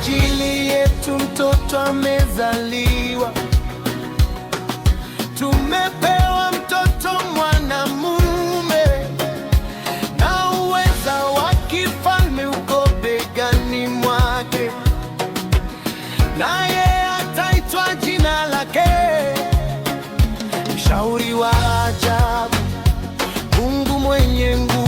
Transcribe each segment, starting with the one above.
ajili yetu mtoto amezaliwa, tumepewa mtoto mwanamume, na uweza wa kifalme uko begani mwake, naye ataitwa jina lake Mshauri wa Ajabu, Mungu mwenye nguvu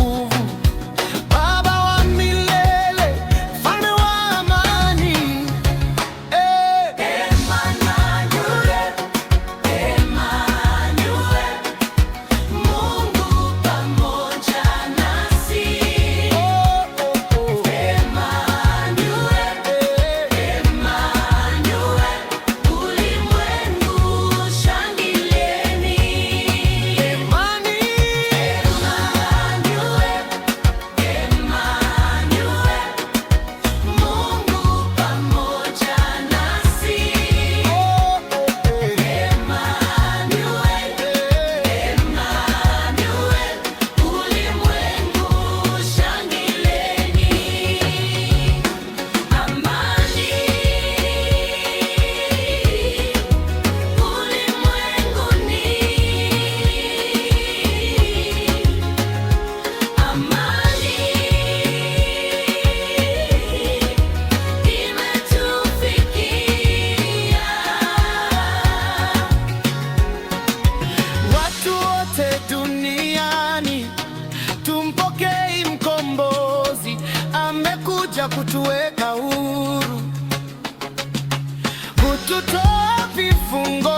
cha kutuweka huru, kututoa vifungo